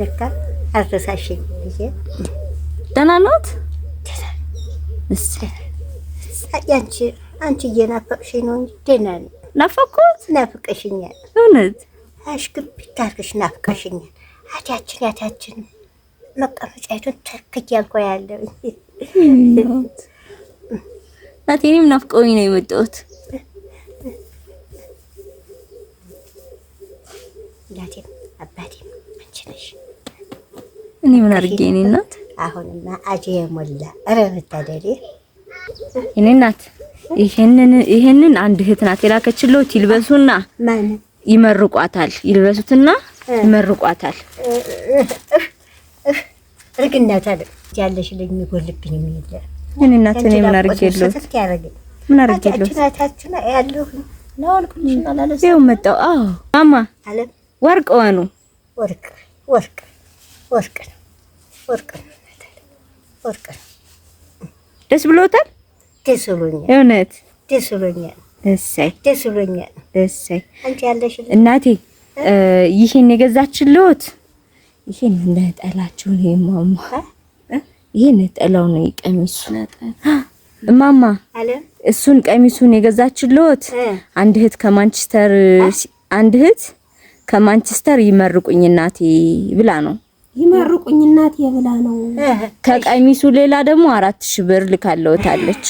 ለካ አረሳሽኝ ብዬ ደህና ናት። አንቺ አንቺ እየናፈቅሽኝ ነው እንጂ ደህና ነኝ። ናፈቅኩት። ናፍቀሽኛል። እውነት አሽግብት አድርገሽ ናፍቀሽኛል። አትያችን ያትያችን መቀመጫይቱን ተርክ እያልኩ ያለው እናቴንም ናፍቀውኝ ነው የመጣሁት። እናቴ አባቴ አንቺ ነሽ። እኔ ምን አድርጌ እኔ እናት አሁንማ አጀ የሞላ ኧረ መታደሌ እኔ እናት ይሄንን ይሄንን አንድ እህት ናት የላከችልዎት። ይልበሱና ይመርቋታል። ይልበሱትና ይመርቋታል። እርግናታ ያለሽ ልጅ የሚጎልብኝ የሚል እኔ እናት እኔ ምን አድርጌ የለሁት ምን አድርጌ የለሁት ያለሁ ነው አልኩልሽ። አላለሰው መጣው አዎ ማማ ወርቅ ወኑ ወርቅ ወርቅ ወርቅ ወርቅ ወርቅ ደስ ብሎታል። ደስ ብሎኛል። እውነት ደስ ብሎኛል። እሰይ ደስ ብሎኛል። እሰይ አንቺ ያለሽ እናቴ ይሄን የገዛችልዎት ይሄን ነጠላችሁ ነው እማማ፣ ይሄ ነጠላው ነው የቀሚሱ እማማ። እሱን ቀሚሱን የገዛችልዎት አንድ እህት ከማንቸስተር አንድ እህት ከማንቸስተር ይመርቁኝ እናቴ ብላ ነው ይመርቁኝ እናቴ ብላ ነው። ከቀሚሱ ሌላ ደግሞ አራት ሺህ ብር ልካለውታለች።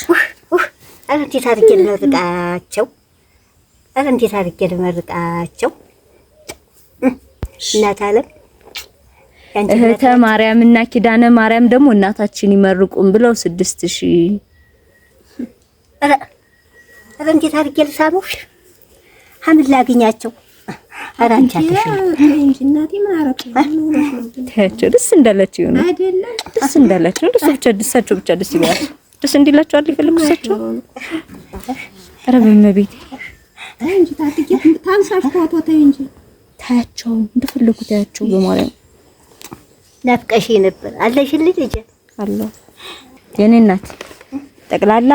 አረ እንዴት አድርጌ ልመርቃቸው? አረ እንዴት አድርጌ ልመርቃቸው? እናት አለም እህተ ማርያም እና ኪዳነ ማርያም ደግሞ እናታችን ይመርቁን ብለው ስድስት ሺህ አረ እንዴት አድርጌ ልሳበው? ሀምን ላገኛቸው ደስ እንዳላችሁ ነው ደስ እንዳላችሁ ነው። ደስ ብቻ ደሳችሁ ብቻ ደስ ይበላል። ደስ እንዲላችሁ ኧረ ታያቸው እንደፈለጉ ታያቸው ናፍቀሽ ነበር አለሽልኝ ልጅ የኔ እናት ጠቅላላ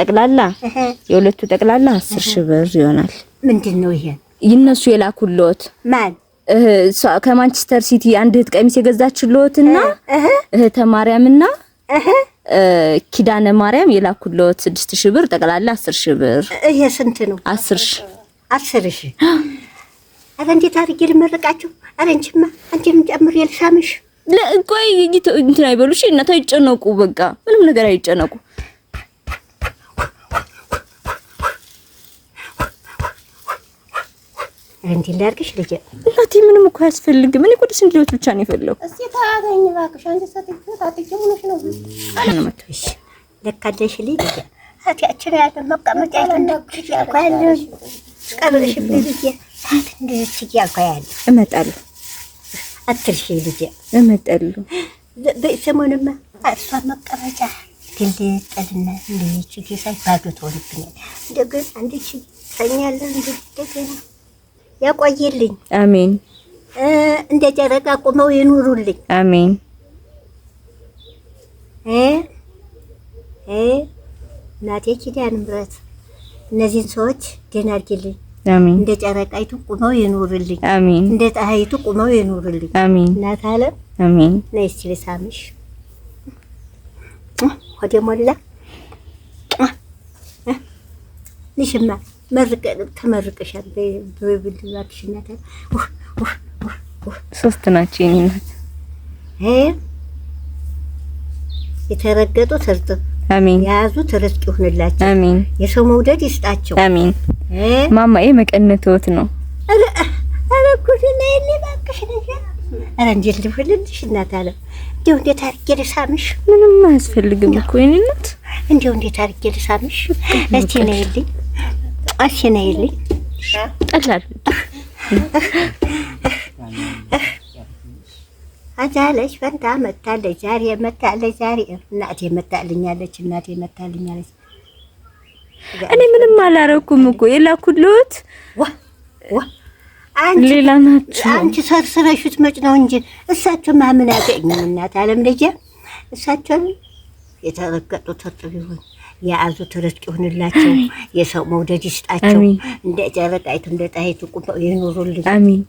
ጠቅላላ የሁለቱ ጠቅላላ አስር ሺህ ብር ይሆናል። ምንድን ነው ይነሱ የላኩልዎት ማን ከማንቸስተር ሲቲ አንድ እህት ቀሚስ የገዛችልዎትና እህተ ማርያምና ኪዳነ ማርያም የላኩልዎት 6000 ብር ጠቅላላ 10000 ብር። ይሄ ስንት ነው? 10000 10000 አረ እንዴት አድርጌ ልመርቃችሁ? አረ እንቺማ አንቺም ጨምር የልሳምሽ ለቆይ እንትን አይበሉሽ እናቷ ይጨነቁ። በቃ ምንም ነገር አይጨነቁ። እንዲህ እንዳርግሽ ልጄ። እናቴ ምንም እኮ አያስፈልግም። እኔ ቁድስ እንዲሎች ብቻ ነው የፈለው። እስቲ ታታኝ ባክሽ ታጥቂ ነው ለካደሽ ልጅ መቀመጫ እመጣለሁ። አትርሽ ልጅ እሷ መቀመጫ ትልጠልና ልጅ ሳይ ባዶ ትሆንብኛል። እንደገና አንድ ችግር ተኛለን እንደገና ያቆይልኝ። አሜን። እንደ ጨረቃ ቁመው ይኑሩልኝ። አሜን። እናቴ ኪዳነ ምሕረት እነዚህን ሰዎች ደህና አድርጊልኝ። አሜን። እንደ ጨረቃይቱ ቁመው ይኑሩልኝ። አሜን። እንደ ፀሐይቱ ቁመው ይኑሩልኝ። አሜን። እናት አለም አሜን። ነይ እስኪ ልሳምሽ ወደ ሞላ ልሽማ መርቀ ተመርቀሻል በብድባትሽ ሶስት ናቸው የኔ እናት እ የተረገጡት እርጥብ አሜን፣ የያዙት ርስቅ ይሁንላቸው አሜን፣ የሰው መውደድ ይስጣቸው አሜን። ማማዬ መቀነትዎት ነው። አረ አረ ኩሽ ነይ እባክሽ ነሽ አረ እንዴት ልፍልልሽ እናት አለ እንዴው እንዴት አድርጌ ልሳምሽ? ምንም አያስፈልግም እኮ የኔ እናት እንዴው እንዴት አድርጌ ልሳምሽ? እስቲ ነይልኝ ጣሴ ነው ይልኝ ጠላል አጃለሽ ፈንታ መታለች፣ ዛሬ መታለች፣ ዛሬ እናቴ መታልኛለች፣ እናቴ መታልኛለች። እኔ ምንም አላረኩም እኮ የላኩልዎት ሌላ ናቸው። አንቺ ሰርስረሽ ትመጭ ነው እንጂ እሳቸውማ ምን አገኙ? እናት አለም ልጄ እሳቸውን የተረገጡት እርጥብ ይሆን የአዞ ተረት ይሁንላቸው። የሰው መውደድ ይስጣቸው። እንደ ጨረቃይቱ እንደ ፀሐይቱ ቁመው ይኑሩልን።